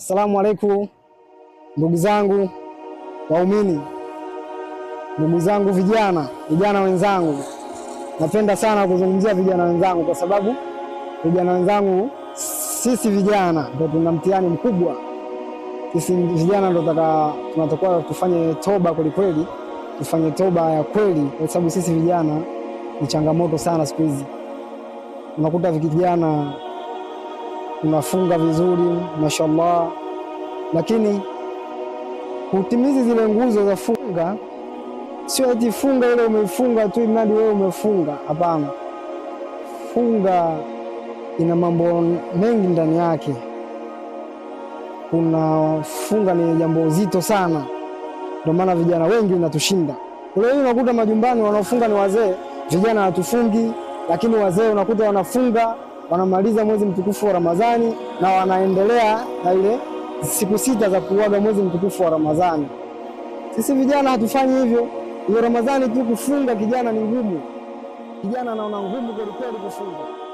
Asalamu alaikum ndugu zangu waumini, ndugu zangu vijana, vijana wenzangu, napenda sana kuzungumzia vijana wenzangu kwa sababu vijana wenzangu, sisi vijana ndio tuna mtihani mkubwa. Sisi vijana ndio tunatakiwa tufanye toba kwelikweli, tufanye toba ya kweli, kwa sababu sisi vijana ni changamoto sana siku hizi, unakuta vijana unafunga vizuri mashallah, lakini hutimizi zile nguzo za funga. Sio eti funga ile umeifunga tu mradi wewe umefunga, hapana. Funga ina mambo mengi ndani yake. Kuna funga ni jambo zito sana, ndio maana vijana wengi unatushinda. Leo hii unakuta majumbani wanaofunga ni wazee, vijana hatufungi, lakini wazee unakuta wanafunga wanamaliza mwezi mtukufu wa Ramadhani na wanaendelea na ile siku sita za kuuaga mwezi mtukufu wa Ramadhani. Sisi vijana hatufanyi hivyo. Hiyo Ramadhani tu kufunga kijana ni ngumu, kijana anaona ngumu kwelikweli kufunga.